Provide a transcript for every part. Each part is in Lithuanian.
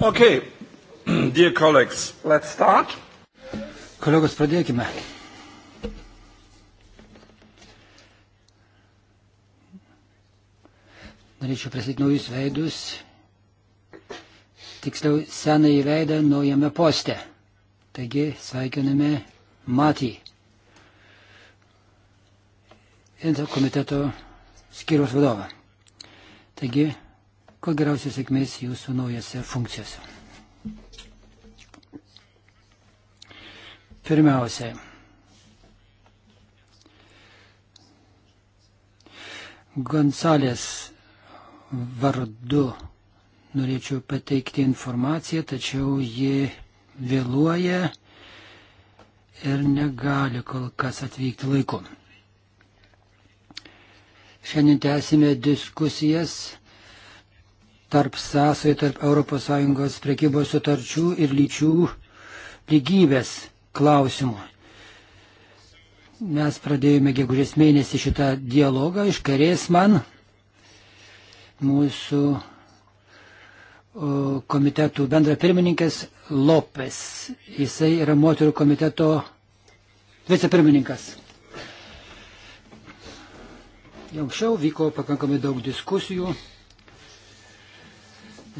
Okay. Dear colleagues, let's start. Kolegos, pradėkime. Norėčiau pristatyti naujus veidus, tiksliau senąjį veidą naujame poste. Taigi sveikiname Matį. Interkomiteto skyriaus vadovą. Taigi Kuo geriausios sėkmės jūsų naujose funkcijose. Pirmiausia, Gonsalės vardu norėčiau pateikti informaciją, tačiau ji vėluoja ir negali kol kas atvykti laiku. Šiandien tęsime diskusijas tarp sąsojų tarp ES prekybos sutarčių ir lyčių lygybės klausimų. Mes pradėjome gegužės mėnesį šitą dialogą iš karės man. Mūsų komitetų bendra pirmininkas Lopes. Jisai yra moterų komiteto vicepirmininkas. Jau anksčiau vyko pakankamai daug diskusijų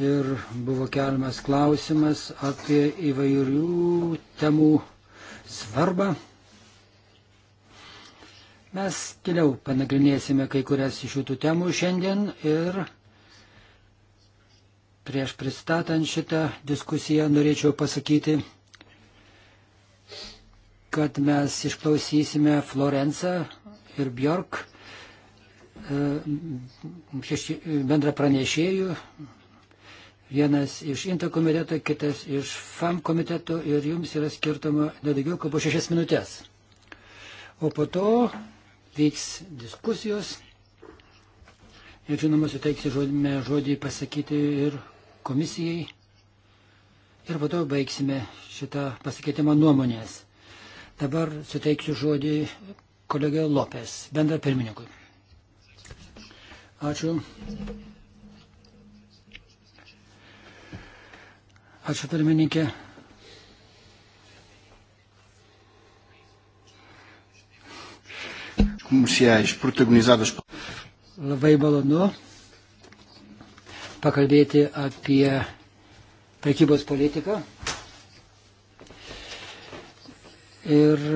ir buvo keliamas klausimas apie įvairių temų svarbą. Mes giliau panagrinėsime kai kurias iš šių temų šiandien ir prieš pristatant šitą diskusiją norėčiau pasakyti, kad mes išklausysime Florencą ir Bjork e, bendra pranešėjų Vienas iš INTA komiteto, kitas iš FAM komiteto ir jums yra skirtama nedaugiau kaip po šešias minutės. O po to vyks diskusijos ir žinoma suteiksiu žodį, žodį pasakyti ir komisijai. Ir po to baigsime šitą pasikeitimą nuomonės. Dabar suteiksiu žodį kolegė Lopės, bendra pirmininkui. Ačiū. Ačiū pirmininkė. Comerciais protagonizadas. Labai malonu pakalbėti apie prekybos politiką. Ir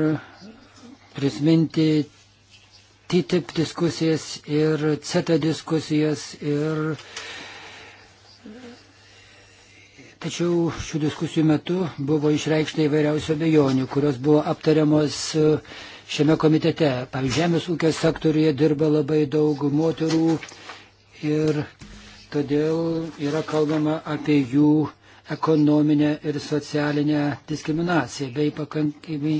prisiminti TTIP diskusijas ir CETA diskusijas ir uh, Tačiau šių diskusijų metu buvo išreikšta įvairiausių abejonių, kurios buvo aptariamos e, šiame komitete. Pavyzdžiui, žemės ūkio sektoriuje dirba labai daug moterų ir todėl yra kalbama apie jų ekonominę ir socialinę diskriminaciją bei pakankamai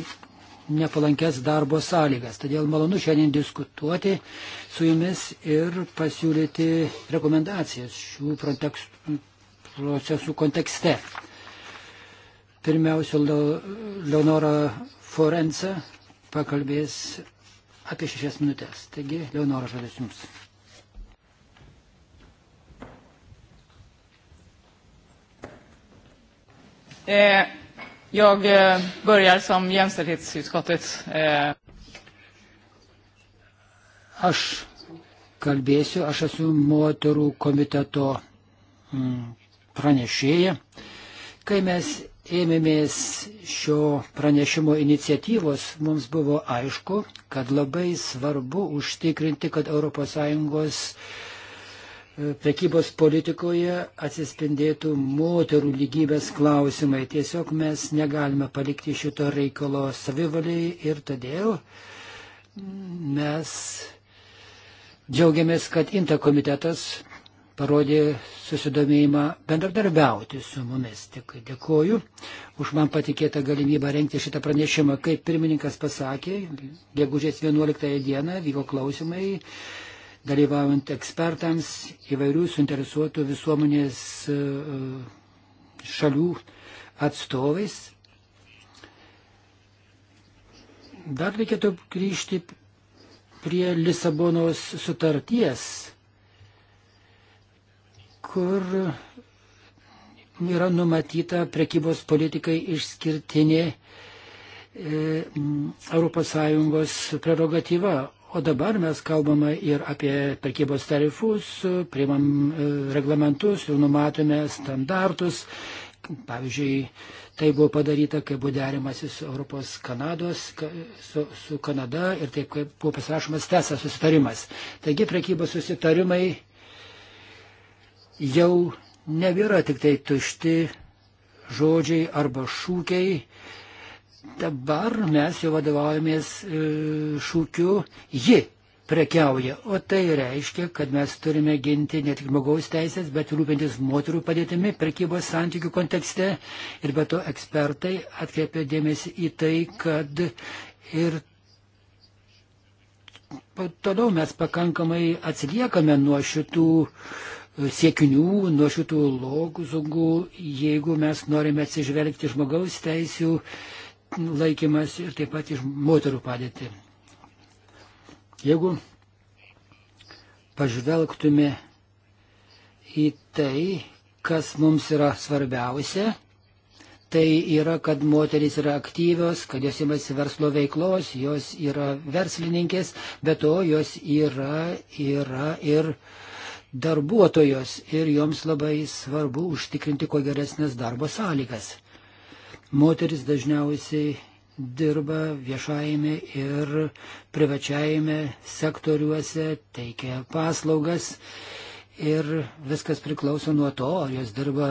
nepalankes darbo sąlygas. Todėl malonu šiandien diskutuoti su jumis ir pasiūlyti rekomendacijas šių Frontex procesų kontekste. Pirmiausia, Leonora Forenza pakalbės apie šešias minutės. Taigi, Leonora, žodis jums. Eh, jag eh, börjar som jämställdhetsutskottet. Eh. Aš kalbėsiu, aš esu moterų komiteto mm, pranešėją. Kai mes ėmėmės šio pranešimo iniciatyvos, mums buvo aišku, kad labai svarbu užtikrinti, kad ES e, prekybos politikoje atsispindėtų moterų lygybės klausimai. Tiesiog mes negalime palikti šito reikalo savivaliai ir todėl mes džiaugiamės, kad Inta komitetas parodė susidomėjimą bendradarbiauti su mumis. Tik dėkoju už man patikėtą galimybę renkti šitą pranešimą. Kaip pirmininkas pasakė, gegužės 11 dieną vyko klausimai, dalyvaujant ekspertams įvairių suinteresuotų visuomenės e, šalių atstovais. Dar reikėtų grįžti prie Lisabonos sutarties kur yra numatyta prekybos politikai išskirtinė ES prerogatyva. O dabar mes kalbame ir apie prekybos tarifus, priimam e, reglamentus ir numatome standartus. Pavyzdžiui, tai buvo padaryta, kai buvo derimasi su Europos Kanados, su, su Kanada ir taip, kaip buvo pasirašomas tesas susitarimas. Taigi, prekybos susitarimai jau nebėra tik tai tušti žodžiai arba šūkiai. Dabar mes jau vadovaujamės e, šūkiu ji prekiauja. O tai reiškia, kad mes turime ginti ne tik žmogaus teisės, bet rūpintis moterų padėtimi prekybos santykių kontekste. Ir be to ekspertai atkreipia dėmesį į tai, kad ir toliau mes pakankamai atsiliekame nuo šitų uh, siekinių, nuo šitų loguzungų, jeigu mes norime atsižvelgti žmogaus teisių laikymas ir taip pat iš moterų padėti. Jeigu pažvelgtume į tai, kas mums yra svarbiausia, tai yra, kad moteris yra aktyvios, kad jos imasi verslo veiklos, jos yra verslininkės, bet to jos yra, yra ir darbuotojos ir joms labai svarbu užtikrinti kuo geresnės darbo sąlygas. Moteris dažniausiai dirba viešajame ir privačiajame sektoriuose, teikia paslaugas ir viskas priklauso nuo to, ar jos dirba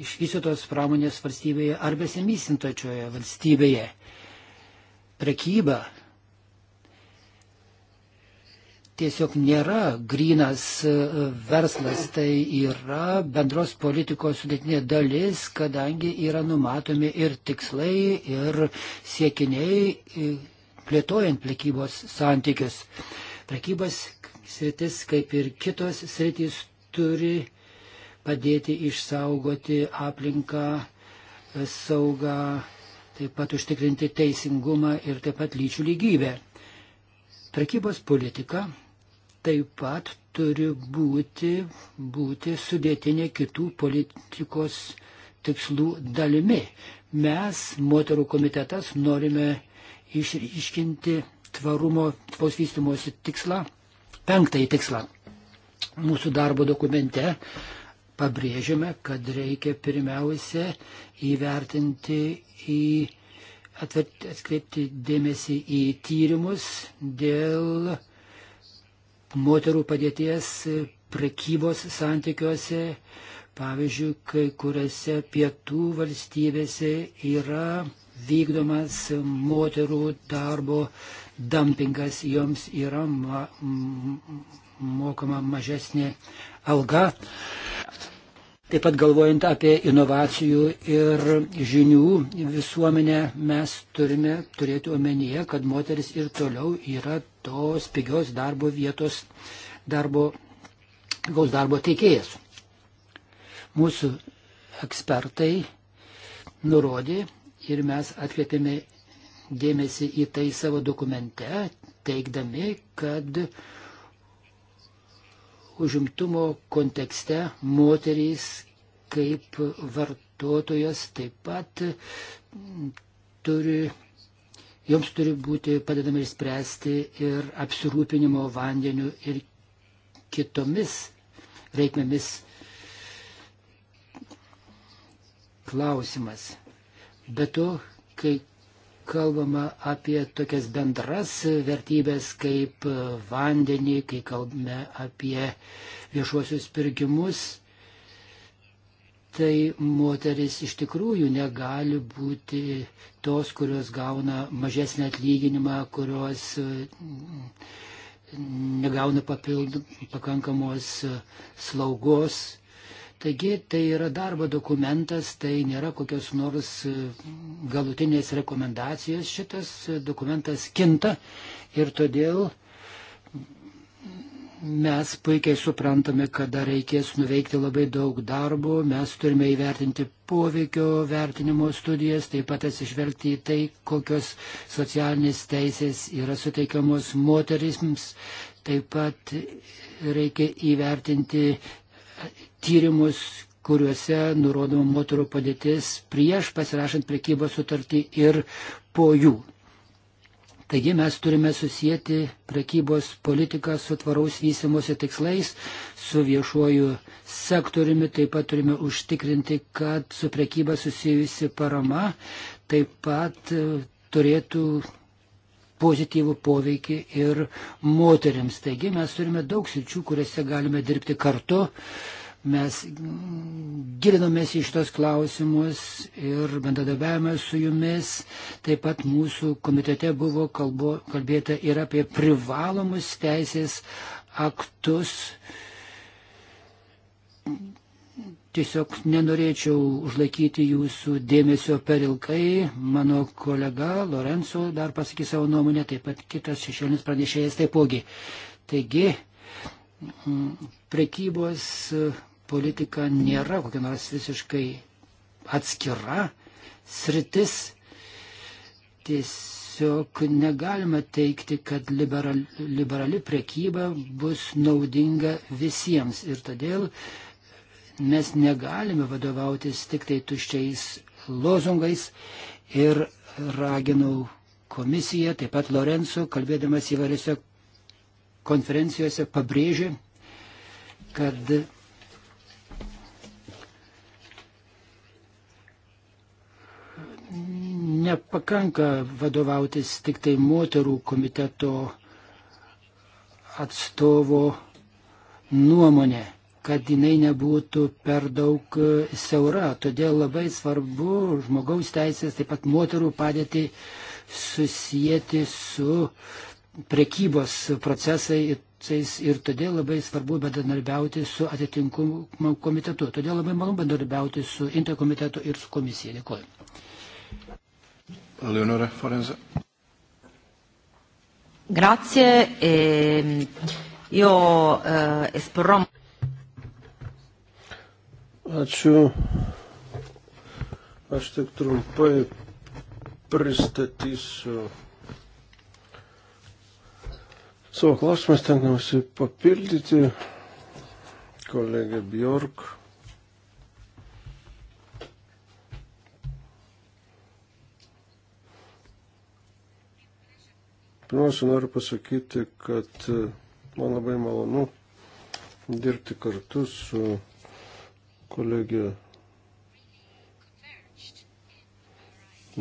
išvystytos pramonės valstybėje ar besimysintočioje valstybėje. Prekyba tiesiog nėra grinas e, verslas, tai yra bendros politikos sudėtinė dalis, kadangi yra numatomi ir tikslai, ir siekiniai e, plėtojant prekybos santykius. Prekybos sritis, kaip ir kitos sritis, turi padėti išsaugoti aplinką, e, saugą, taip pat užtikrinti teisingumą ir taip pat lyčių lygybę. Prekybos politika taip pat turi būti, būti sudėtinė kitų politikos tikslų dalimi. Mes, moterų komitetas, norime išryškinti tvarumo, tvaus vystimosi tikslą, penktąjį tikslą. Mūsų darbo dokumente pabrėžiame, kad reikia pirmiausia įvertinti į atkreipti dėmesį į tyrimus dėl moterų padėties prekybos santykiuose. Pavyzdžiui, kai kuriuose pietų valstybėse yra vykdomas moterų darbo dumpingas, joms yra ma mokama mažesnė alga. Taip pat galvojant apie inovacijų ir žinių visuomenę, mes turime turėti omenyje, kad moteris ir toliau yra tos pigios darbo vietos, darbo, pigaus darbo teikėjas. Mūsų ekspertai nurodė ir mes atkreipėme dėmesį į tai savo dokumente, teikdami, kad užimtumo kontekste moterys kaip vartotojas taip pat turi, joms turi būti padedama išspręsti ir apsirūpinimo vandeniu ir kitomis reikmėmis klausimas. Be to, kai kalbama apie tokias bendras vertybės kaip vandenį, kai kalbame apie viešuosius pirkimus, tai moteris iš tikrųjų negali būti tos, kurios gauna mažesnį atlyginimą, kurios mm, negauna papildų, pakankamos e, slaugos. Taigi tai yra darbo dokumentas, tai nėra kokios nors e, galutinės rekomendacijos. Šitas e, dokumentas kinta ir todėl Mes puikiai suprantame, kad dar reikės nuveikti labai daug darbo, mes turime įvertinti poveikio vertinimo studijas, taip pat atsižvelgti į tai, kokios socialinės teisės yra suteikiamos moterims, taip pat reikia įvertinti tyrimus, kuriuose nurodoma moterų padėtis prieš pasirašant prekybos sutartį ir po jų. Taigi mes turime susijęti prekybos politiką su tvaraus vystimosi tikslais, su viešuoju sektoriumi, taip pat turime užtikrinti, kad su prekyba susijusi parama taip pat e, turėtų pozityvų poveikį ir moteriams. Taigi mes turime daug sričių, kuriuose galime dirbti kartu Mes gilinomės į šitos klausimus ir bendradarbiavome su jumis. Taip pat mūsų komitete buvo kalbo, kalbėta ir apie privalomus teisės aktus. Tiesiog nenorėčiau užlaikyti jūsų dėmesio per ilgai. Mano kolega Lorenzo dar pasakys savo nuomonę, taip pat kitas šešėlinis pranešėjas taipogi. Taigi, prekybos politika nėra kokia nors visiškai atskira sritis. Tiesiog negalima teikti, kad liberal, liberali prekyba bus naudinga visiems. Ir todėl mes negalime vadovautis tik tai tuščiais lozungais. Ir raginau komisiją, taip pat Lorenzo, kalbėdamas įvairiose konferencijose, pabrėžė, kad nepakanka vadovautis tik tai moterų komiteto atstovo nuomonė, kad jinai nebūtų per daug e, siaura. Todėl labai svarbu žmogaus teisės, taip pat moterų padėti susijęti su prekybos procesais ir todėl labai svarbu bendradarbiauti su atitinkumu komitetu. Todėl labai malonu bendradarbiauti su interkomitetu ir su komisija. Dėkuoju. Leonora Forenza. Grazie. E io eh, esporrò. Ačiū. Aš tik trumpai pristatysiu savo klausimą, stengdamasi papildyti kolegę Bjork. Pirmiausia, noriu pasakyti, kad e, man labai malonu dirbti kartu su kolegė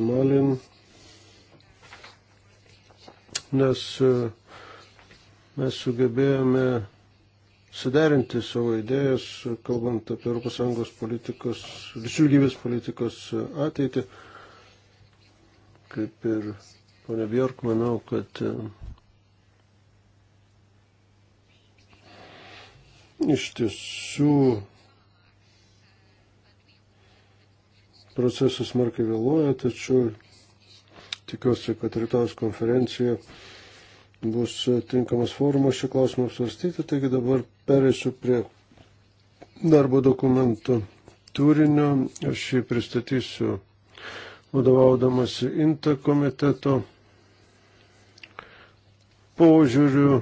Malin, nes e, mes sugebėjome suderinti savo idėjas, kalbant apie ES politikos, lyčių lygybės politikos ateitį, kaip ir Pone Bjork, manau, kad e, iš tiesų procesas smarkiai vėluoja, tačiau tikiuosi, kad rytojus konferencija bus tinkamas forumas šį klausimą apsvarstyti, taigi dabar perėsiu prie darbo dokumento turinio. Aš jį pristatysiu vadovaudamasi INTA komiteto požiūriu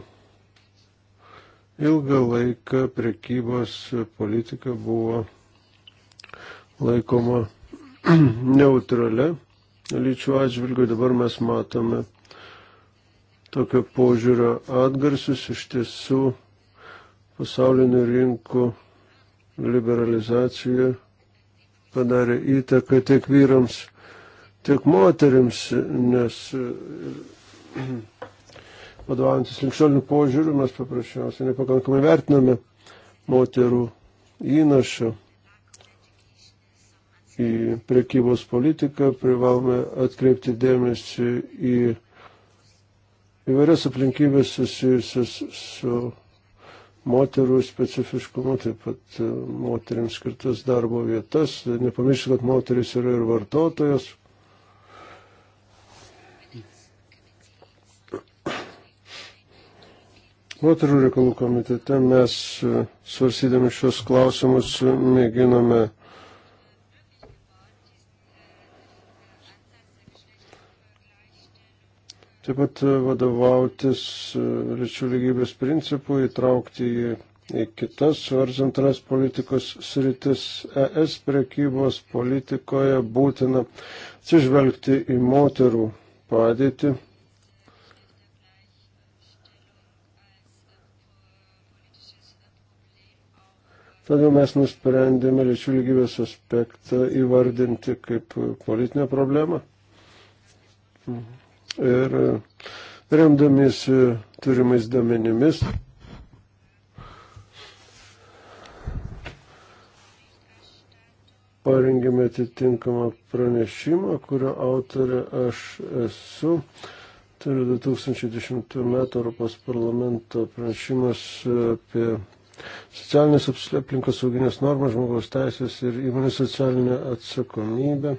ilgą laiką prekybos politika buvo laikoma neutralia lyčių atžvilgių. Dabar mes matome tokio požiūrio atgarsius iš tiesų pasaulinių rinkų liberalizacija padarė įtaką tiek vyrams, tiek moteriams, nes vadovaujantis likščiolinių požiūrių, mes paprasčiausiai nepakankamai vertiname moterų įnašą į prekybos politiką, privalome atkreipti dėmesį į įvairias aplinkybės susijusias su moterų specifiškumu, taip pat moteriams skirtas darbo vietas. Nepamirškite, kad moteris yra ir vartotojas, Moterų reikalų komitete mes e, svarsydami šios klausimus e, mėginome taip pat e, vadovautis lyčių lygybės principų, įtraukti į, į kitas horizontalias politikos sritis. ES prekybos politikoje būtina atsižvelgti į moterų padėtį Todėl mes nusprendėme lyčių lygybės aspektą įvardinti kaip politinę problemą. Ir e, remdamiesi turimais domenimis, parengėme atitinkamą pranešimą, kurio autorė aš esu. Tai yra 2010 m. Europos parlamento pranešimas apie Socialinės aplinkos sauginės normas, žmogaus teisės ir įmonės socialinė atsakomybė.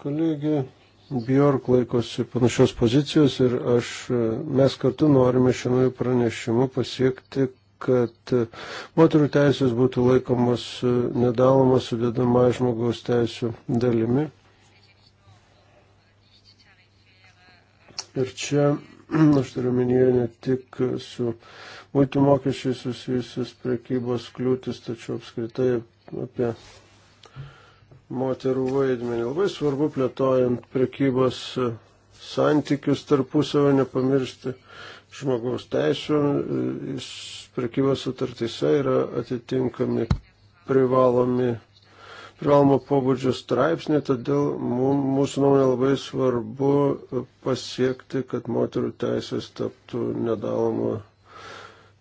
Kolegė Bjork laikosi panašios pozicijos ir aš, e, mes kartu norime šiame pranešimu pasiekti, kad e, moterų teisės būtų laikomos e, nedaloma sudėdama žmogaus teisų dalimi. Ir čia Aš turiu minėję ne tik su muitų mokesčiai susijusius prekybos kliūtis, tačiau apskritai apie moterų vaidmenį. Labai svarbu plėtojant prekybos santykius tarpusavio nepamiršti žmogaus teisų. Prekybos sutartyse yra atitinkami privalomi privalomo pobūdžio straipsnį, todėl mūsų nuomonė labai svarbu pasiekti, kad moterų teisės taptų nedaloma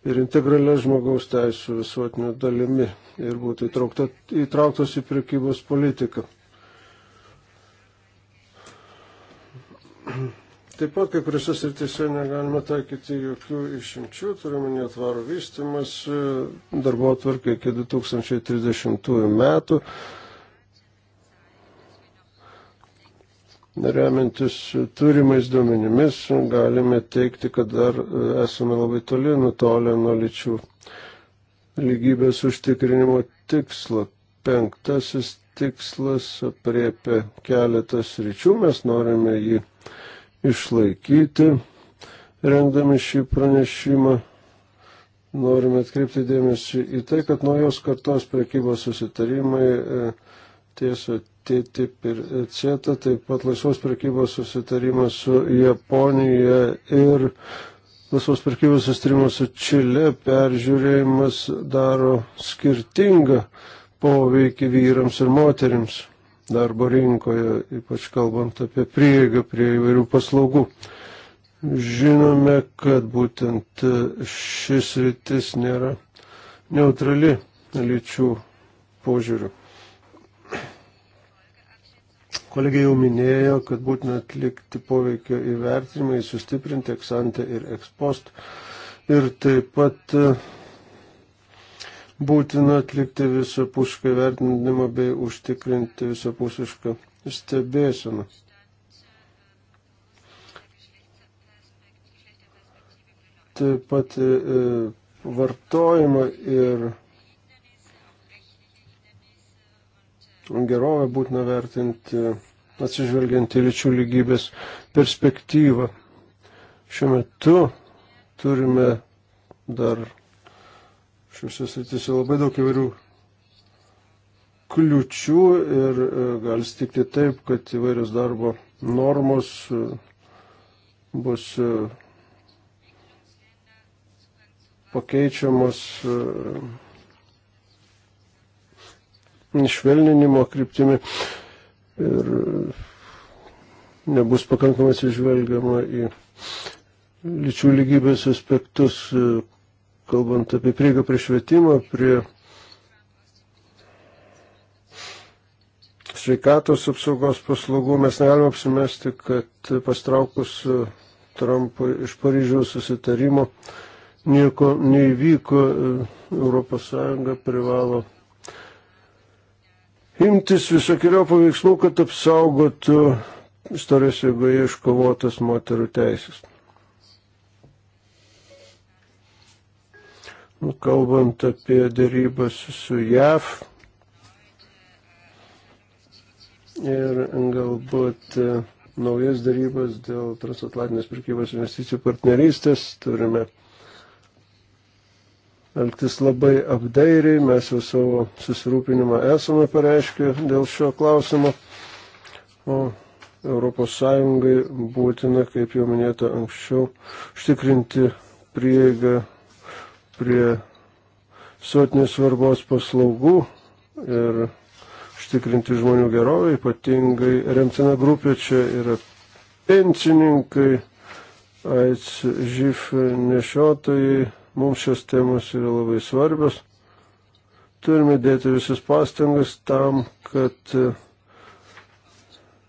ir integralia žmogaus teisų visuotinio dalimi ir būtų įtraukta, įtrauktos į prekybos politiką. Taip pat kai kuriuose srityse negalima taikyti jokių išimčių, turime netvarų vystimas darbo atvarkai iki 2030 metų. remiantis turimais duomenimis galime teikti, kad dar e, esame labai toli nutolę nuo lyčių lygybės užtikrinimo tikslo. Penktasis tikslas apriepia keletas ryčių, mes norime jį išlaikyti, rengdami šį pranešimą. Norime atkreipti dėmesį į tai, kad naujos kartos prekybos susitarimai e, tiesa TTIP ir e CETA, taip pat laisvos prekybos susitarimas su Japonija ir laisvos prekybos susitarimas su Čile peržiūrėjimas daro skirtingą poveikį vyrams ir moteriams darbo rinkoje, ypač kalbant apie prieigą prie įvairių paslaugų. Žinome, kad būtent šis rytis nėra neutrali lyčių požiūrių. Kolegė jau minėjo, kad būtina atlikti poveikio įvertinimai, sustiprinti eksantę ir ekspost. Ir taip pat e, būtina atlikti visapušką vertinimą bei užtikrinti visapusišką stebėseną. Taip pat e, vartojimą ir gerovę būtina vertinti atsižvelgiant į lyčių lygybės perspektyvą. Šiuo metu turime dar šiuose srityse labai daug įvairių kliučių ir e, gali stikti taip, kad įvairios darbo normos e, bus e, pakeičiamos švelninimo kryptimi ir nebus pakankamai atsižvelgiama į lyčių lygybės aspektus, kalbant apie prieigą prie švietimo, prie sveikatos apsaugos paslaugų. Mes negalime apsimesti, kad pastraukus Trumpui iš Paryžiaus susitarimo nieko neįvyko. ES privalo imtis visokiojo paveiksmų, kad apsaugotų istorijos jėgoje iškovotas moterų teisės. Nu, kalbant apie dėrybas su JAV ir galbūt e, naujas dėrybas dėl transatlantinės prekybos investicijų partnerystės turime elgtis labai apdairiai, mes jau savo susirūpinimą esame pareiškę dėl šio klausimo. O ES būtina, kaip jau minėta anksčiau, užtikrinti prieigą prie sotinės svarbos paslaugų ir užtikrinti žmonių gerovę, ypatingai remtina grupė čia yra pensininkai, AIDS, žyf nešiotojai, Mums šios temos yra labai svarbios. Turime dėti visas pastangas tam, kad e,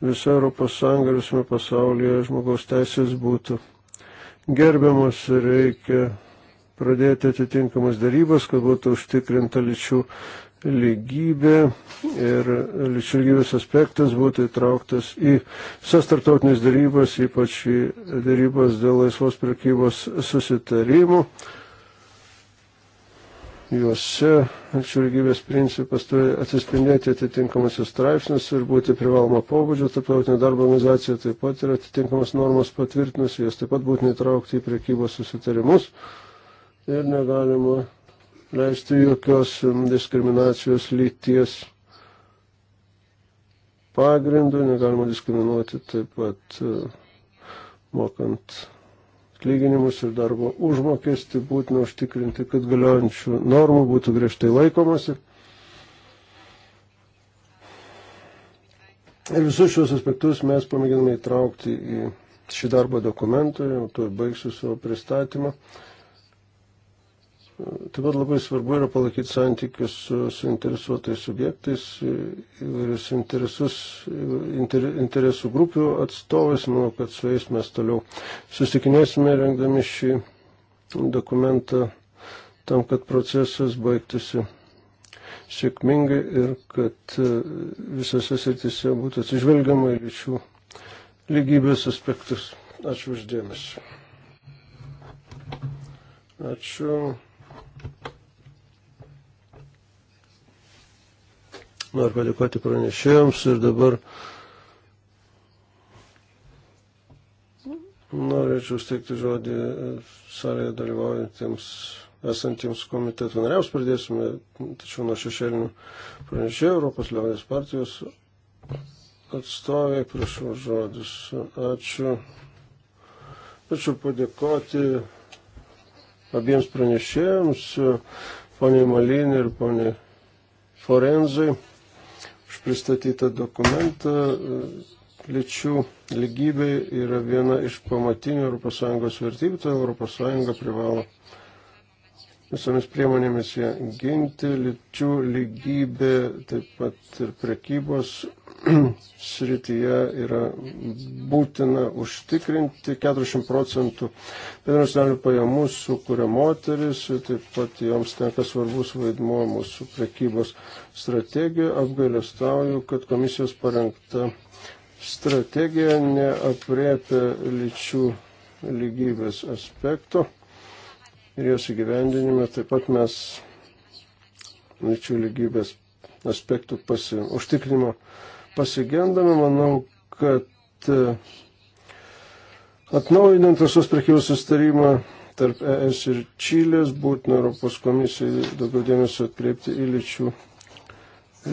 visa Europos Sąjunga ir visame pasaulyje žmogaus teisės būtų gerbiamas ir reikia pradėti atitinkamas darybas, kad būtų užtikrinta lyčių lygybė ir lyčių lygybės aspektas būtų įtrauktas į visas tartautinės darybas, ypač į darybas dėl laisvos prekybos susitarimų juose lyčių lygybės principas turi atsispindėti atitinkamose straipsnius ir būti privaloma pobūdžio, tarptautinė darbo organizacija taip pat yra atitinkamas normas patvirtinus, jas taip pat būtina įtraukti į priekybos susitarimus ir negalima leisti jokios mm, diskriminacijos lyties pagrindų, negalima diskriminuoti taip pat mm, mokant atlyginimus ir darbo užmokestį, būtina užtikrinti, kad galiojančių normų būtų griežtai laikomasi. Ir visus šios aspektus mes pamėginame įtraukti į šį darbo dokumentą, jau to baigsiu savo pristatymą. Taip pat labai svarbu yra palaikyti santykius su suinteresuotais subjektais, įvairius interesus, inter, interesų grupių atstovais. Manau, kad su jais mes toliau susitikinėsime, rengdami šį dokumentą tam, kad procesas baigtųsi sėkmingai ir kad e, visose srityse būtų atsižvelgiama į lyčių lygybės aspektus. Ačiū uždėmesi. Ačiū. Noriu padėkoti pranešėjams ir dabar norėčiau steigti žodį salėje dalyvaujantiems esantiems komiteto nariams. Pradėsime, tačiau nuo šešėlinių pranešėjų Europos liaudės partijos atstovai, prašau žodis. Ačiū. Ačiū padėkoti abiems pranešėjams, poniai Malin ir poniai Forenzai, už pristatytą dokumentą. Lyčių lygybė yra viena iš pamatinių ES vertybių, tai ES privalo visomis priemonėmis ją ginti. Lyčių lygybė taip pat ir prekybos srityje yra būtina užtikrinti 40 procentų bendro nacionalinių pajamų sukuria moteris, taip pat joms tenka svarbus vaidmuo mūsų prekybos strategijoje. Apgailestauju, kad komisijos parengta strategija neapriepia lyčių lygybės aspekto ir jos įgyvendinime taip pat mes lyčių lygybės aspektų pasi, užtikrinimo pasigendame. Manau, kad e, atnaujinant visus prekybos sustarimą tarp ES ir Čilės būtina Europos komisijai daugiau dėmesio atkreipti į lyčių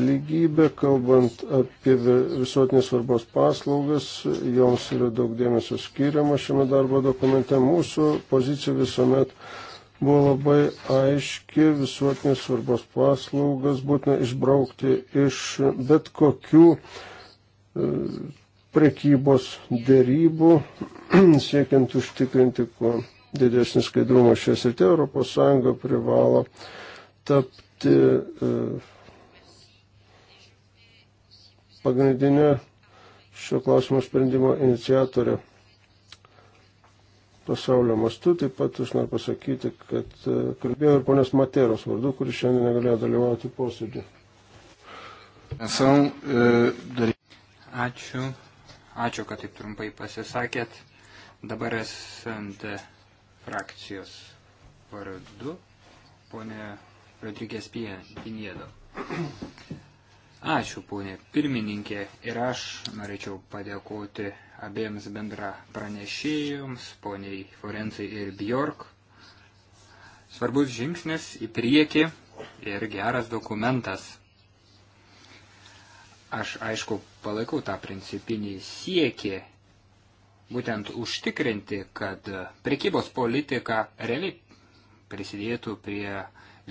lygybę, kalbant apie visuotinės svarbos paslaugas, joms yra daug dėmesio skiriama šiame darbo dokumente. Mūsų pozicija visuomet buvo labai aiški visuotinės svarbos paslaugas būtina išbraukti iš bet kokių e, prekybos dėrybų, siekiant užtikrinti kuo didesnį skaidrumą šią sritį, ES privalo tapti e, pagrindinė šio klausimo sprendimo iniciatorė pasaulio mastu. Taip pat aš noriu pasakyti, kad e, kalbėjau ir ponios Materos vardu, kuris šiandien negalėjo dalyvauti posėdį. E, Ačiū. Ačiū, kad taip trumpai pasisakėt. Dabar SND frakcijos vardu, ponė Rodrygės Piniedo. Ačiū, ponė pirmininkė, ir aš norėčiau padėkoti abiems bendra pranešėjams, poniai Forencijai ir Bjork. Svarbus žingsnis į priekį ir geras dokumentas. Aš, aišku, palaikau tą principinį siekį, būtent užtikrinti, kad prekybos politika realiai prisidėtų prie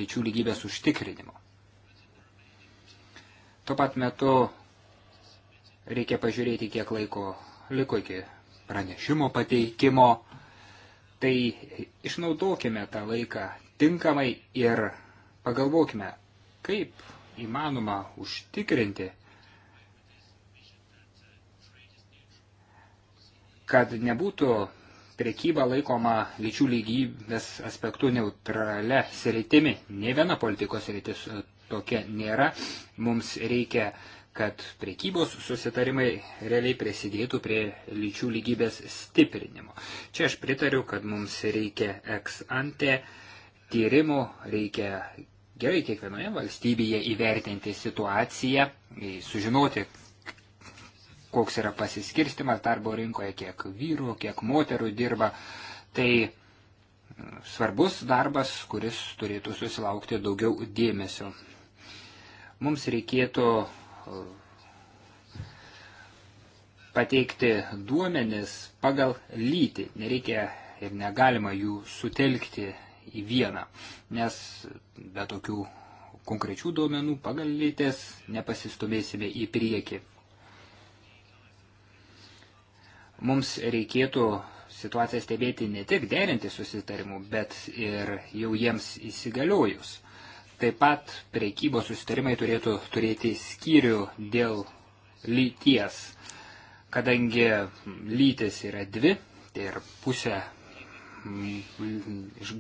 lyčių lygybės užtikrinimo. Tuo pat metu reikia pažiūrėti, kiek laiko liko iki pranešimo pateikimo. Tai išnaudokime tą laiką tinkamai ir pagalvokime, kaip įmanoma užtikrinti, kad nebūtų priekyba laikoma lyčių lygybės aspektų neutrale sritimi. Ne viena politikos sritis tokia nėra. Mums reikia, kad priekybos susitarimai realiai prisidėtų prie lyčių lygybės stiprinimo. Čia aš pritariu, kad mums reikia ex ante tyrimų, reikia gerai kiekvienoje valstybėje įvertinti situaciją, sužinoti, koks yra pasiskirstimas darbo rinkoje, kiek vyrų, kiek moterų dirba. Tai svarbus darbas, kuris turėtų susilaukti daugiau dėmesio. Mums reikėtų e, pateikti duomenis pagal lytį. Nereikia ir negalima jų sutelkti į vieną, nes be tokių konkrečių duomenų pagal lytės nepasistumėsime į priekį. Mums reikėtų situaciją stebėti ne tik derinti susitarimų, bet ir jau jiems įsigaliojus. Taip pat priekybos susitarimai turėtų turėti skyrių dėl lyties, kadangi lytis yra dvi, tai ir pusė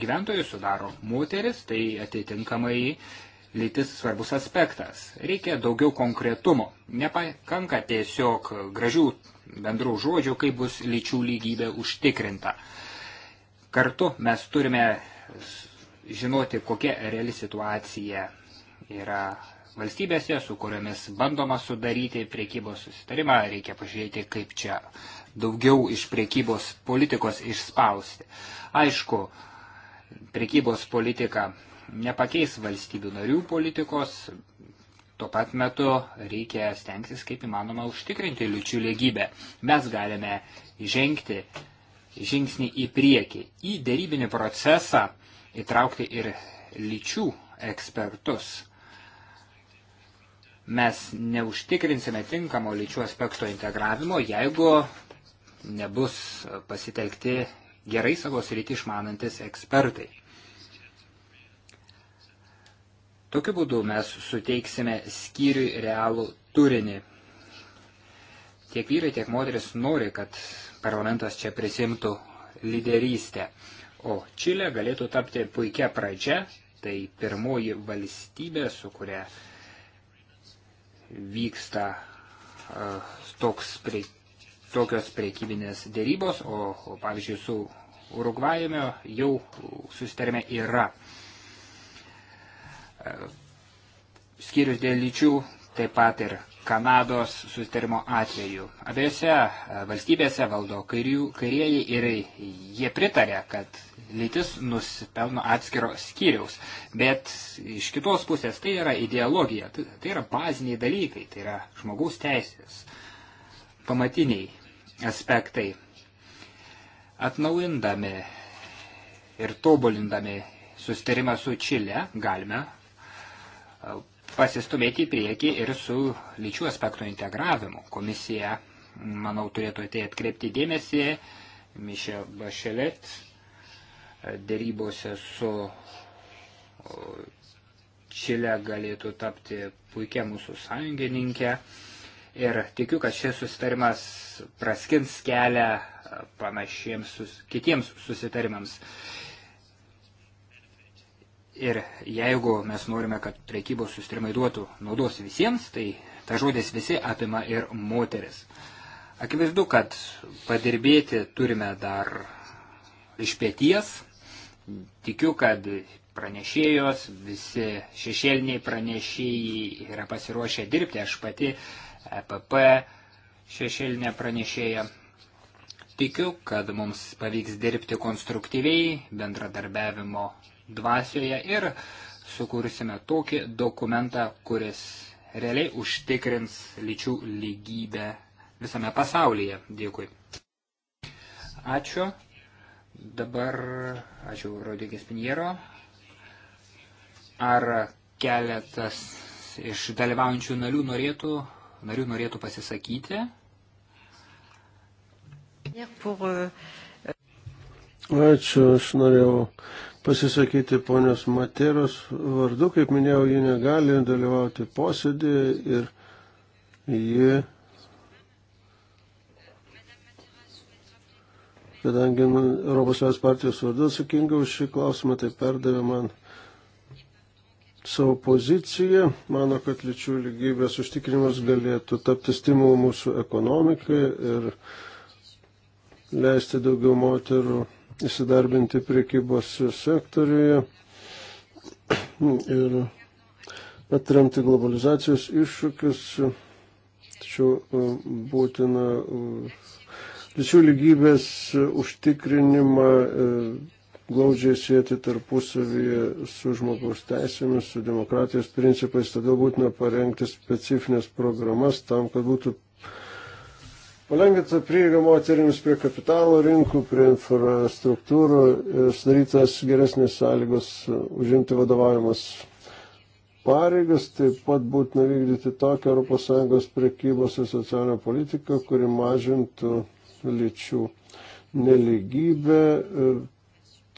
gyventojų sudaro moteris, tai atitinkamai lytis svarbus aspektas. Reikia daugiau konkretumo. Nepakanka tiesiog gražių bendrų žodžių, kaip bus lyčių lygybė užtikrinta. Kartu mes turime žinoti, kokia reali situacija yra valstybėse, su kuriomis bandoma sudaryti priekybos susitarimą, reikia pažiūrėti, kaip čia daugiau iš priekybos politikos išspausti. Aišku, priekybos politika nepakeis valstybių narių politikos, tuo pat metu reikia stengtis kaip įmanoma užtikrinti liučių lygybę. Mes galime žengti žingsnį į priekį, į dėrybinį procesą įtraukti ir lyčių ekspertus. Mes neužtikrinsime tinkamo lyčių aspekto integravimo, jeigu nebus pasitelkti gerai savo sritį išmanantis ekspertai. Tokiu būdu mes suteiksime skyriui realų turinį. Tiek vyrai, tiek moteris nori, kad parlamentas čia prisimtų lyderystę o Čilė galėtų tapti puikia pradžia, tai pirmoji valstybė, su kuria vyksta uh, toks prie, tokios priekybinės dėrybos, o, o pavyzdžiui su Urugvajame jau susitarime yra. Uh, skyrius dėl lyčių taip pat ir Kanados susitarimo atveju. Abiejose e, valstybėse valdo kairių, kairieji ir jie pritarė, kad lytis nusipelno atskiro skyriaus. Bet iš kitos pusės tai yra ideologija, tai, tai yra baziniai dalykai, tai yra žmogaus teisės, pamatiniai aspektai. Atnaujindami ir tobulindami susitarimą su Čile galime e, pasistumėti į priekį ir su lyčių aspektų integravimu. Komisija, manau, turėtų tai atkreipti dėmesį. Mišė Bašelet e, dėrybose su Čilė galėtų tapti puikia mūsų sąjungininkė. Ir tikiu, kad šis susitarimas praskins kelią e, panašiems sus, kitiems susitarimams. Ir jeigu mes norime, kad prekybos sustrimai duotų naudos visiems, tai ta žodis visi apima ir moteris. Akivaizdu, kad padirbėti turime dar iš pėties. Tikiu, kad pranešėjos, visi šešėliniai pranešėjai yra pasiruošę dirbti, aš pati EPP šešėlinė pranešėja. Tikiu, kad mums pavyks dirbti konstruktyviai bendradarbiavimo dvasioje ir sukursime tokį dokumentą, kuris realiai užtikrins lyčių lygybę visame pasaulyje. Dėkui. Ačiū. Dabar, ačiū Rodrigės Pinjero. Ar keletas iš dalyvaujančių narių norėtų, narių norėtų pasisakyti? Euh, ačiū, aš norėjau pasisakyti ponios Materos vardu. Kaip minėjau, ji negali dalyvauti posėdėje ir ji, kadangi Europos Liaudės partijos vardu atsakinga už šį klausimą, tai perdavė man savo poziciją, mano, kad lyčių lygybės užtikrinimas galėtų tapti stimulu mūsų ekonomikai ir leisti daugiau moterų įsidarbinti priekybos sektoriuje ir atremti globalizacijos iššūkius, tačiau e, būtina e, lyčių lygybės užtikrinimą e, glaudžiai sėti tarpusavyje su žmogaus teisėmis, su demokratijos principais, todėl būtina parengti specifines programas tam, kad būtų palengvinta prieiga moterims prie kapitalo rinkų, prie infrastruktūrų ir sudarytas geresnės sąlygos užimti vadovavimas pareigas, taip pat būtina vykdyti tokią ES priekybos ir socialinę politiką, kuri mažintų lyčių neligybę.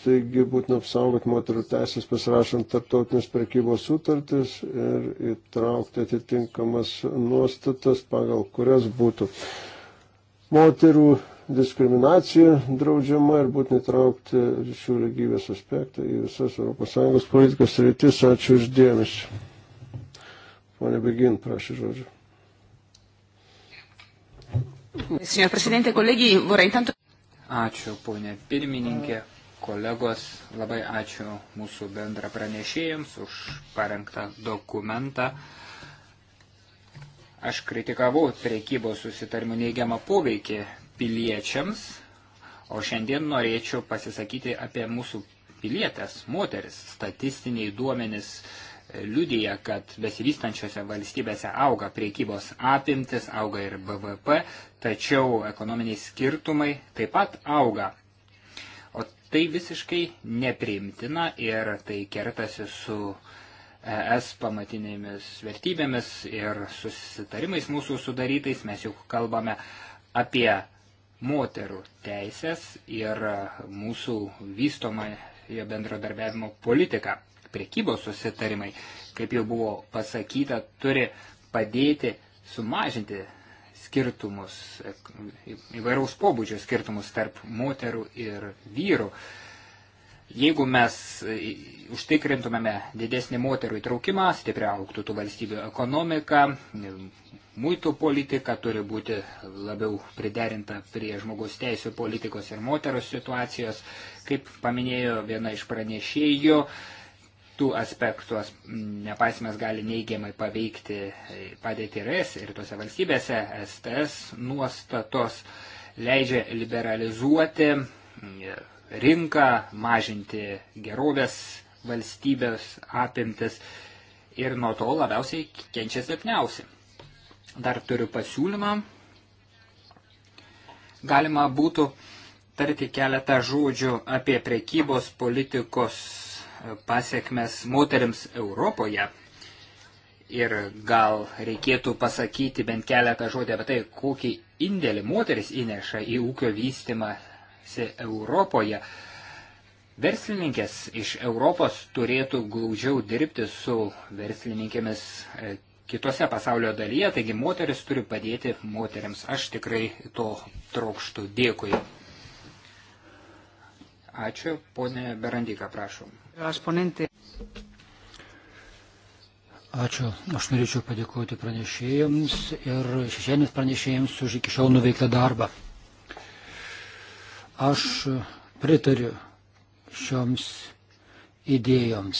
Taigi būtina apsaugoti moterų teisės pasirašant tarptautinės prekybos sutartis ir įtraukti atitinkamas nuostatas, pagal kurias būtų moterų diskriminacija draudžiama ir būtent įtraukti šių lygybės aspektą į visas ES politikos rytis. Ačiū uždėmesi. Pone Begin, prašau žodžiu. Signor Presidente, kolegi, vorrei intanto... Ačiū, ponė pirmininkė, kolegos, labai ačiū mūsų bendra pranešėjams už parengtą dokumentą. Aš kritikavau priekybos susitarimų neigiamą poveikį piliečiams, o šiandien norėčiau pasisakyti apie mūsų pilietės, moteris. Statistiniai duomenys e, liudyja, kad besivystančiose valstybėse auga priekybos apimtis, auga ir BVP, tačiau ekonominiai skirtumai taip pat auga. O tai visiškai nepriimtina ir tai kertasi su ES pamatinėmis vertybėmis ir susitarimais mūsų sudarytais. Mes juk kalbame apie moterų teisės ir mūsų vystomąją bendradarbiavimo politiką. Priekybos susitarimai, kaip jau buvo pasakyta, turi padėti sumažinti skirtumus, įvairaus pobūdžio skirtumus tarp moterų ir vyrų. Jeigu mes e, užtikrintumėme didesnį moterų įtraukimą, stipriau auktų tų valstybių ekonomika, mūtų politika turi būti labiau priderinta prie žmogaus teisų politikos ir moterų situacijos, kaip paminėjo viena iš pranešėjų. Tų aspektų nepaisimas gali neigiamai paveikti e, padėti RS ir tose valstybėse STS nuostatos leidžia liberalizuoti e, rinką, mažinti gerovės valstybės apimtis ir nuo to labiausiai kenčia silpniausi. Dar turiu pasiūlymą. Galima būtų tarti keletą žodžių apie prekybos politikos pasiekmes moteriams Europoje. Ir gal reikėtų pasakyti bent keletą žodį apie tai, kokį indėlį moteris įneša į ūkio vystimą Europoje. Verslininkės iš Europos turėtų glaudžiau dirbti su verslininkėmis e, kitose pasaulio dalyje, taigi moteris turi padėti moteriams. Aš tikrai to trokštų. Dėkui. Ačiū, ponė Berandika, prašom. Aš ponentė. Ačiū. Aš norėčiau padėkoti pranešėjams ir šešėnės pranešėjams už iki šiol nuveiktą darbą. Aš pritariu šioms idėjoms.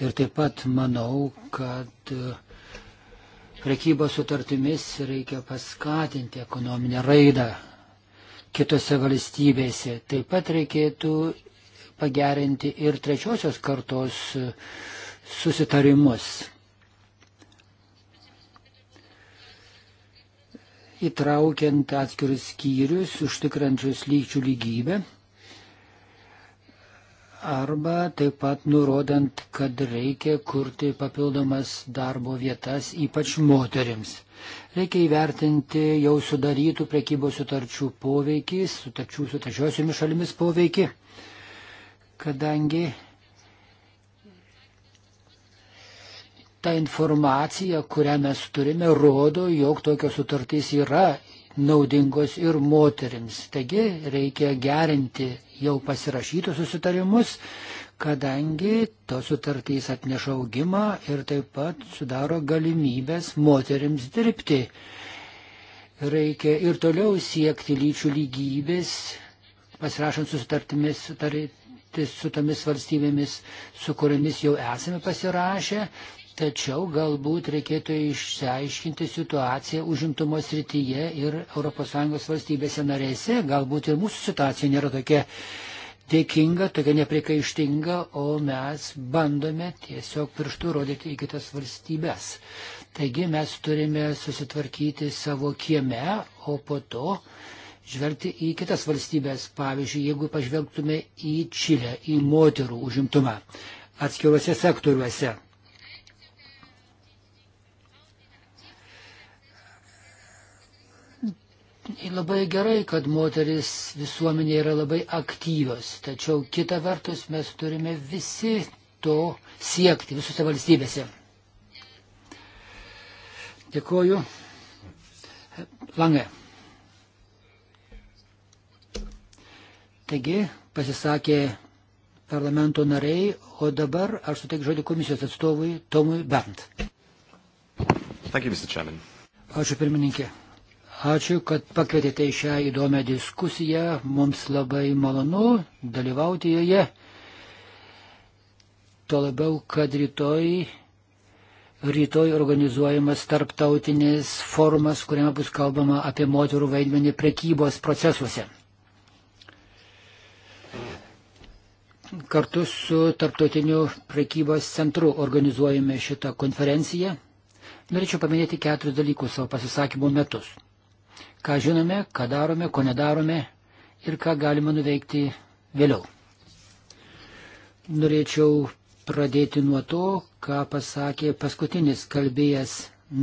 Ir taip pat manau, kad prekybos sutartimis reikia paskatinti ekonominę raidą kitose valstybėse. Taip pat reikėtų pagerinti ir trečiosios kartos susitarimus. įtraukiant atskirus skyrius užtikrančius lyčių lygybę arba taip pat nurodant, kad reikia kurti papildomas darbo vietas, ypač moteriams. Reikia įvertinti jau sudarytų prekybos sutarčių poveikį, sutarčių su trečiosiomis šalimis poveikį, kadangi ta informacija, kurią mes turime, rodo, jog tokios sutartys yra naudingos ir moterims. Taigi reikia gerinti jau pasirašytus susitarimus, kadangi tos sutartys atneša augimą ir taip pat sudaro galimybės moterims dirbti. Reikia ir toliau siekti lyčių lygybės, pasirašant susitartimis su tomis valstybėmis, su kuriamis jau esame pasirašę, Tačiau galbūt reikėtų išsiaiškinti situaciją užimtumo srityje ir ES valstybėse narėse. Galbūt ir mūsų situacija nėra tokia dėkinga, tokia neprikaištinga, o mes bandome tiesiog pirštų rodyti į kitas valstybės. Taigi mes turime susitvarkyti savo kieme, o po to žvelgti į kitas valstybės. Pavyzdžiui, jeigu pažvelgtume į Čilę, į moterų užimtumą atskiruose sektoriuose Labai gerai, kad moteris visuomenė yra labai aktyvios, tačiau kita vertus mes turime visi to siekti visose valstybėse. Dėkuoju. Lange. Taigi pasisakė parlamento nariai, o dabar aš suteik žodį komisijos atstovui Tomui Bent. Ačiū pirmininkė. Ačiū, kad pakvietėte į šią įdomią diskusiją. Mums labai malonu dalyvauti joje. Tuo labiau, kad rytoj, rytoj organizuojamas tarptautinis forumas, kuriame bus kalbama apie moterų vaidmenį prekybos procesuose. Kartu su tarptautiniu prekybos centru organizuojame šitą konferenciją. Norėčiau paminėti keturis dalykus savo pasisakymų metus ką žinome, ką darome, ko nedarome ir ką galima nuveikti vėliau. Norėčiau pradėti nuo to, ką pasakė paskutinis kalbėjęs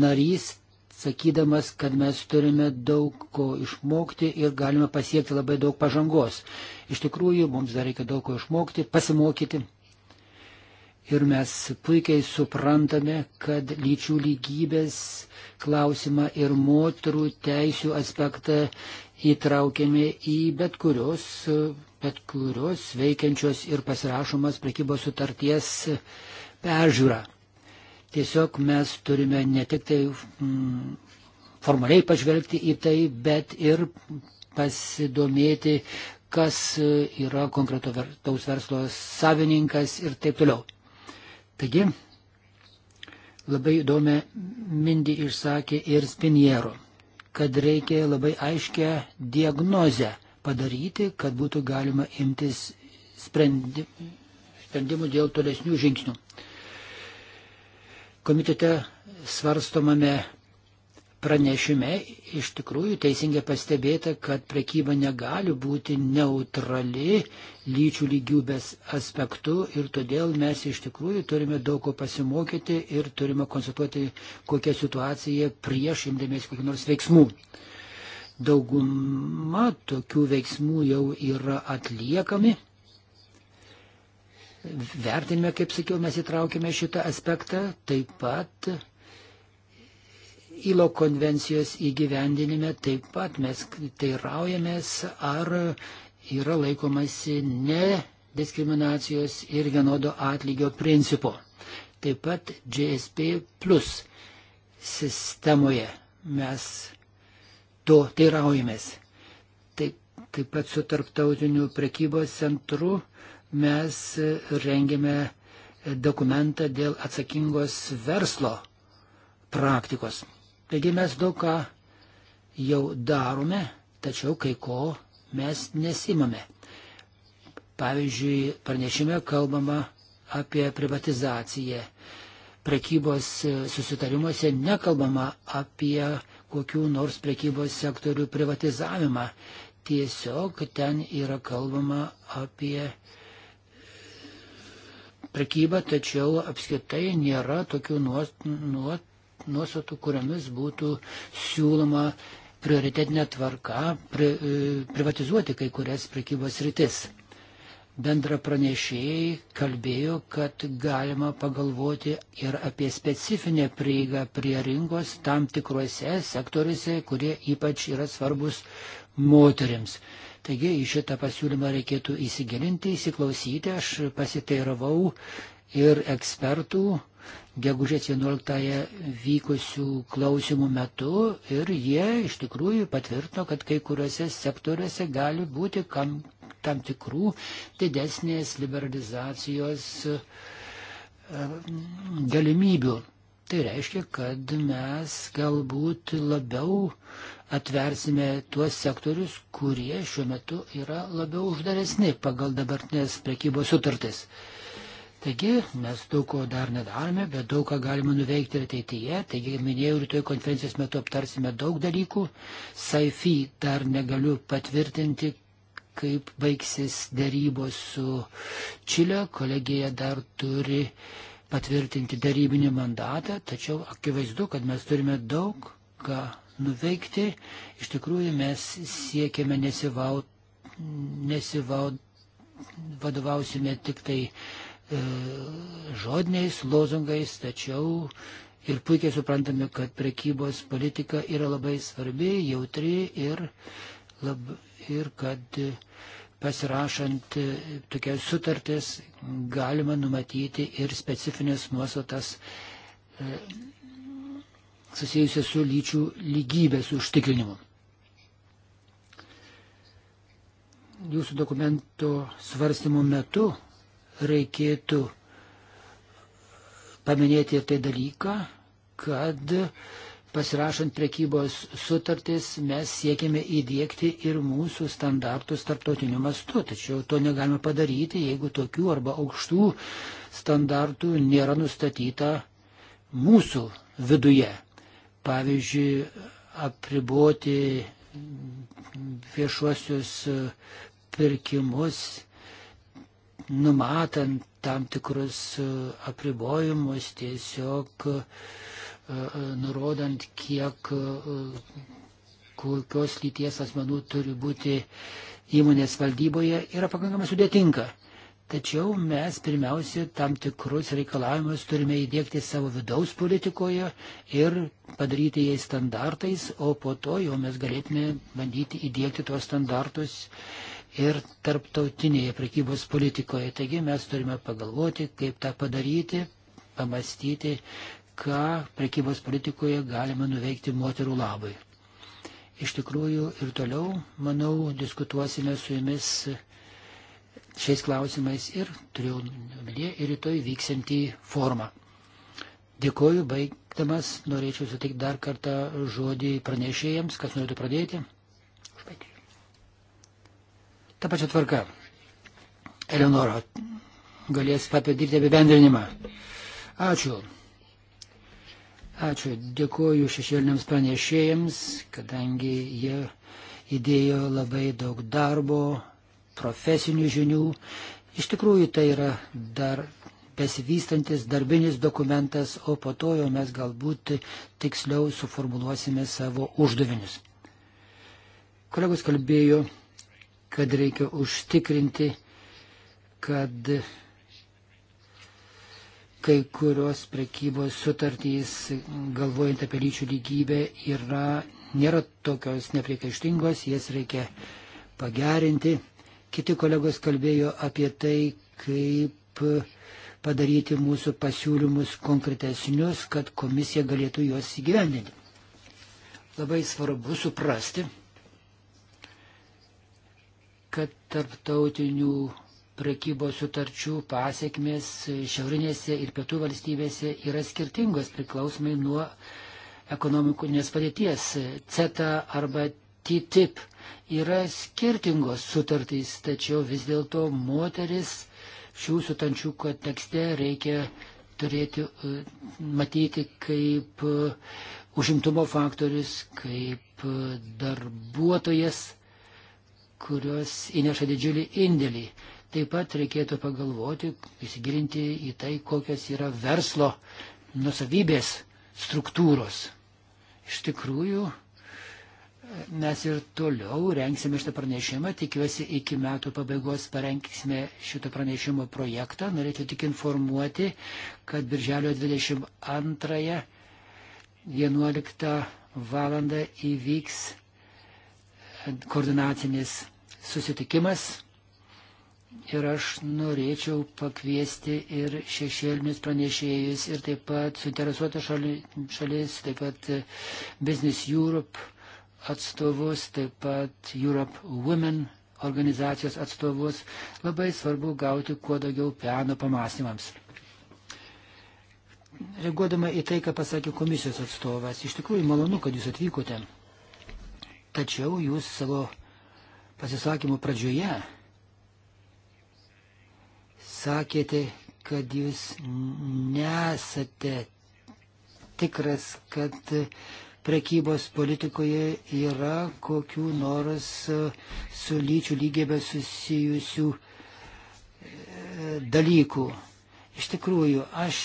narys, sakydamas, kad mes turime daug ko išmokti ir galime pasiekti labai daug pažangos. Iš tikrųjų, mums dar reikia daug ko išmokti, pasimokyti ir mes puikiai suprantame, kad lyčių lygybės klausimą ir moterų teisų aspektą įtraukėme į bet kurios, bet kurios veikiančios ir pasirašomas prekybos sutarties peržiūrą. Tiesiog mes turime ne tik tai mm, formaliai pažvelgti į tai, bet ir pasidomėti, kas yra konkretaus verslo savininkas ir taip toliau. Taigi, labai įdomią mintį išsakė ir Spiniero, kad reikia labai aiškę diagnozę padaryti, kad būtų galima imtis sprendimų dėl tolesnių žingsnių. Komitete svarstomame pranešime iš tikrųjų teisingai pastebėta, kad prekyba negali būti neutrali lyčių lygybės aspektu ir todėl mes iš tikrųjų turime daug ko pasimokyti ir turime konsultuoti, kokią situaciją prieš imdamės kokių nors veiksmų. Dauguma tokių veiksmų jau yra atliekami. Vertinime, kaip sakiau, mes įtraukėme šitą aspektą, taip pat ILO konvencijos įgyvendinime taip pat mes teiraujamės, ar yra laikomasi ne diskriminacijos ir vienodo atlygio principo. Taip pat GSP plus sistemoje mes to teiraujamės. Taip, taip pat su tarptautiniu prekybos centru mes rengiame dokumentą dėl atsakingos verslo praktikos. Taigi mes daug ką jau darome, tačiau kai ko mes nesimame. Pavyzdžiui, pranešime kalbama apie privatizaciją. Prekybos susitarimuose nekalbama apie kokių nors prekybos sektorių privatizavimą. Tiesiog ten yra kalbama apie prekybą, tačiau apskritai nėra tokių nuostatų nuostatų, kuriamis būtų siūloma prioritetinė tvarka pri, e, privatizuoti kai kurias prekybos rytis. Bendra pranešėjai kalbėjo, kad galima pagalvoti ir apie specifinę prieigą prie rinkos tam tikruose sektoriuose, kurie ypač yra svarbus moteriams. Taigi į šitą pasiūlymą reikėtų įsigilinti, įsiklausyti. Aš pasiteiravau ir ekspertų, gegužės 11 vykusių klausimų metu ir jie iš tikrųjų patvirtino, kad kai kuriuose sektoriuose gali būti kam, tam tikrų didesnės liberalizacijos e, galimybių. Tai reiškia, kad mes galbūt labiau atversime tuos sektorius, kurie šiuo metu yra labiau uždaresni pagal dabartinės prekybos sutartis. Taigi mes daug ko dar nedarome, bet daug ką galima nuveikti ir ateityje. Taigi, kaip minėjau, rytoj konferencijos metu aptarsime daug dalykų. Saifi dar negaliu patvirtinti, kaip baigsis darybos su Čilė. Kolegija dar turi patvirtinti darybinį mandatą, tačiau akivaizdu, kad mes turime daug ką nuveikti. Iš tikrųjų, mes siekiame nesivaut, nesivaut vadovausime tik tai E, žodiniais lozungais, tačiau ir puikiai suprantame, kad prekybos politika yra labai svarbi, jautri ir, lab, ir kad pasirašant tokias sutartis galima numatyti ir specifinės nuostatas e, susijusias su lyčių lygybės užtikrinimu. Jūsų dokumento svarstymo metu reikėtų paminėti ir tai dalyką, kad pasirašant prekybos sutartis mes siekime įdėkti ir mūsų standartus tarptautiniu mastu. Tačiau to negalime padaryti, jeigu tokių arba aukštų standartų nėra nustatyta mūsų viduje. Pavyzdžiui, apriboti viešuosius pirkimus numatant tam tikrus e, apribojimus, tiesiog e, e, nurodant, kiek kokios lyties asmenų turi būti įmonės valdyboje, yra pakankamai sudėtinga. Tačiau mes pirmiausia tam tikrus reikalavimus turime įdėkti savo vidaus politikoje ir padaryti jais standartais, o po to jau mes galėtume bandyti įdėkti tuos standartus ir tarptautinėje prekybos politikoje. Taigi mes turime pagalvoti, kaip tą padaryti, pamastyti, ką prekybos politikoje galima nuveikti moterų labai. Iš tikrųjų ir toliau, manau, diskutuosime su jumis šiais klausimais ir turėjau numelį ir rytoj vyksiantį formą. Dėkoju, baigdamas norėčiau sutikti dar kartą žodį pranešėjams, kas norėtų pradėti. Ta pačia tvarka. Eleonora galės papėdyti apibendrinimą. Ačiū. Ačiū. Dėkuoju šešėliniams pranešėjams, kadangi jie įdėjo labai daug darbo, profesinių žinių. Iš tikrųjų, tai yra dar besivystantis darbinis dokumentas, o po to jau mes galbūt tiksliau suformuluosime savo uždavinius. Kolegos kalbėjo kad reikia užtikrinti, kad kai kurios prekybos sutartys, galvojant apie lyčių lygybę, yra, nėra tokios nepriekaištingos, jas reikia pagerinti. Kiti kolegos kalbėjo apie tai, kaip padaryti mūsų pasiūlymus konkretesnius, kad komisija galėtų juos įgyvendinti. Labai svarbu suprasti, kad tarptautinių prekybos sutarčių pasiekmės šiaurinėse ir pietų valstybėse yra skirtingos priklausomai nuo ekonomikos padėties. CETA arba TTIP yra skirtingos sutartys, tačiau vis dėlto moteris šių sutarčių kontekste reikia turėti, e, matyti kaip e, užimtumo faktorius, kaip e, darbuotojas kurios įneša didžiulį indėlį. Taip pat reikėtų pagalvoti, įsigilinti į tai, kokios yra verslo nusavybės struktūros. Iš tikrųjų, mes ir toliau renksime šitą pranešimą, tikiuosi iki metų pabaigos parenksime šitą pranešimo projektą. Norėčiau tik informuoti, kad birželio 22 11 val. įvyks koordinacinis susitikimas. Ir aš norėčiau pakviesti ir šešėlinius pranešėjus, ir taip pat suinteresuotas šali, šalis, taip pat Business Europe atstovus, taip pat Europe Women organizacijos atstovus. Labai svarbu gauti kuo daugiau piano pamastymams. Reaguodama į tai, ką pasakė komisijos atstovas, iš tikrųjų malonu, kad jūs atvykote tačiau jūs savo pasisakymų pradžioje sakėte, kad jūs nesate tikras, kad prekybos politikoje yra kokių nors e, su lyčių lygybė susijusių e, dalykų. Iš tikrųjų, aš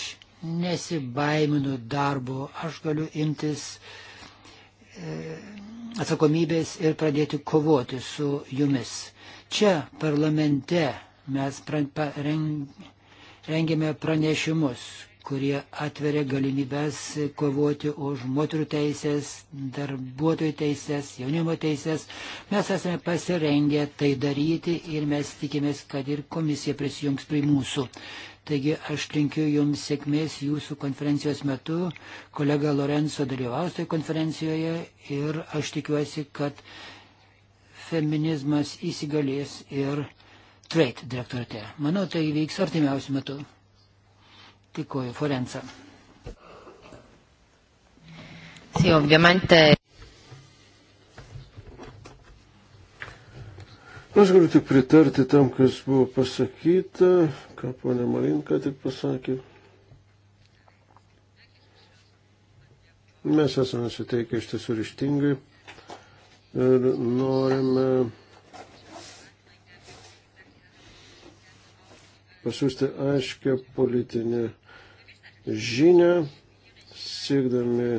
nesibaiminu darbo, aš galiu imtis uh, E, atsakomybės ir pradėti kovoti su jumis. Čia parlamente mes rengėme pranešimus, kurie atveria galimybės kovoti už moterų teisės, darbuotojų teisės, jaunimo teisės. Mes esame pasirengę tai daryti ir mes tikimės, kad ir komisija prisijungs prie mūsų. Taigi aš linkiu Jums sėkmės Jūsų konferencijos metu. Kolega Lorenzo dalyvaus toje konferencijoje ir aš tikiuosi, kad feminizmas įsigalės ir trade direktorate. Manau, tai vyks artimiausių metų. Dėkuoju, Forenza. Sì, ovviamente. Aš galiu tik pritarti tam, kas buvo pasakyta, ką ponė Marinka tik pasakė. Mes esame suteikę iš tiesų ryštingai ir norime pasiūsti aiškę politinę žinę, siekdami,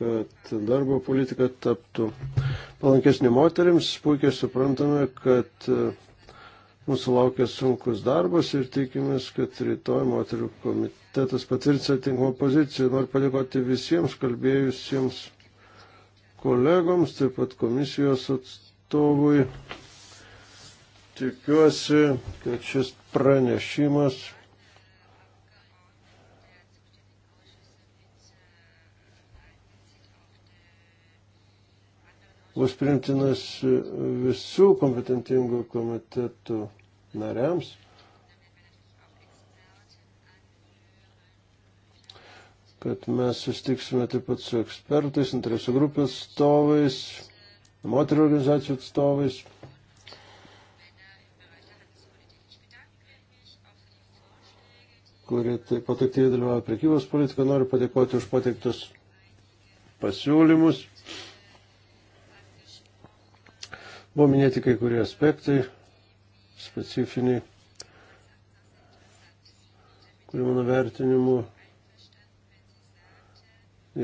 kad darbo politika taptų palankesnė moteriams, puikiai suprantame, kad e, mūsų laukia sunkus darbas ir tikimės, kad rytoj moterių komitetas patvirtins atinkamą poziciją. Noriu padėkoti visiems kalbėjusiems kolegoms, taip pat komisijos atstovui. Tikiuosi, kad šis pranešimas bus primtinas visų kompetentingų komitetų nariams. kad mes sustiksime taip pat su ekspertais, interesų grupės atstovais, moterų organizacijų atstovais. kurie taip pat aktyviai dalyvauja prekybos politiką. Noriu padėkoti už pateiktus pasiūlymus. Buvo minėti kai kurie aspektai specifiniai, kurie mano vertinimu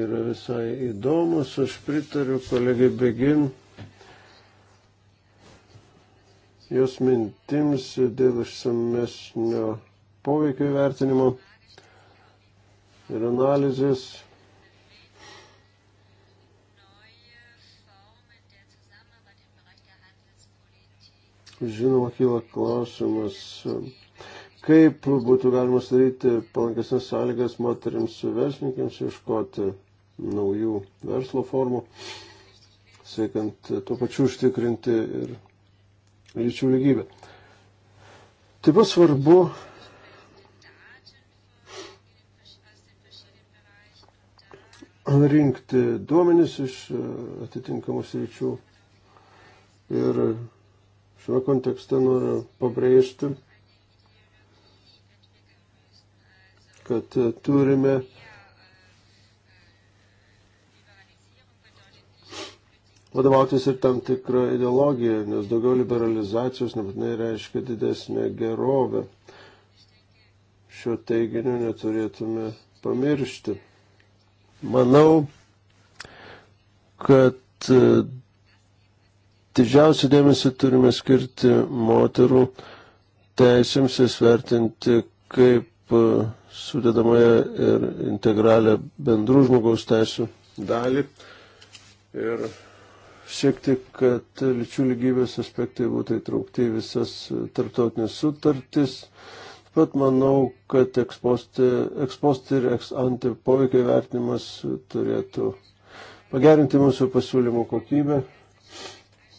yra visai įdomus. Aš pritariu kolegai Begin jos mintims dėl išsamesnio poveikio įvertinimo ir analizės Žinoma, kyla klausimas, kaip būtų galima sudaryti palankesnės sąlygas moteriams verslininkams ieškoti naujų verslo formų, siekiant tuo pačiu užtikrinti ir lyčių lygybę. Taip pat svarbu rinkti duomenis iš atitinkamų sričių ir Šiuo kontekste noriu pabrėžti, kad turime vadovautis ir tam tikrą ideologiją, nes daugiau liberalizacijos nebūtinai reiškia didesnę gerovę. Šio teiginio neturėtume pamiršti. Manau, kad Didžiausią dėmesį turime skirti moterų teisėms įsvertinti kaip e, sudėdamąją ir integralią bendrų žmogaus teisų dalį ir siekti, kad lyčių lygybės aspektai būtų įtraukti į visas tarptautinės sutartis. Taip pat manau, kad eksposti, eksposti ir eksante poveikio vertinimas turėtų pagerinti mūsų pasiūlymų kokybę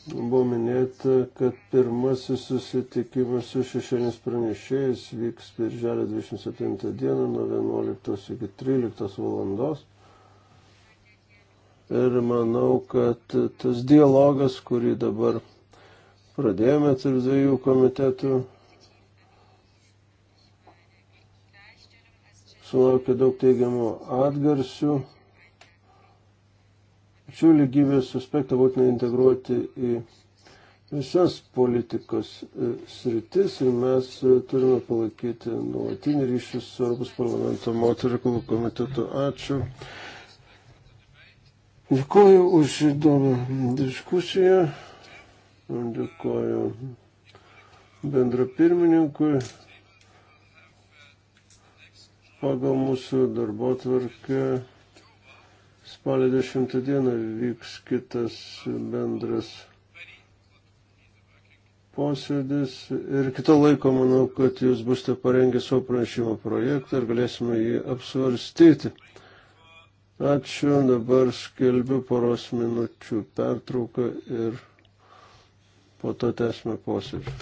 buvo minėta, kad pirmasis susitikimas su šešėnės pranešėjais vyks birželio 27 dieną nuo 11 iki 13 valandos. Ir manau, kad tas dialogas, kurį dabar pradėjome tarp dviejų komitetų, sulaukė daug teigiamų atgarsių. Šių lygybės aspektą būtina integruoti į visas politikos e, sritis ir mes e, turime palaikyti nuolatinį ryšį su Europos parlamento moterų komitetu. Ačiū. Dėkuoju už įdomią diskusiją. Dėkuoju bendra pirmininkui. Pagal mūsų darbo tvarkę Spalio 10 dieną vyks kitas bendras posėdis ir kito laiko manau, kad jūs busite parengę savo pranešimo projektą ir galėsime jį apsvarstyti. Ačiū, dabar skelbiu poros minučių pertrauką ir po to tęsime posėdį.